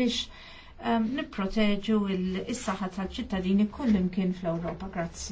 biex um, nipproteġu il-saħħa tal-ċittadini kullimkien fl-Ewropa. Grazzi.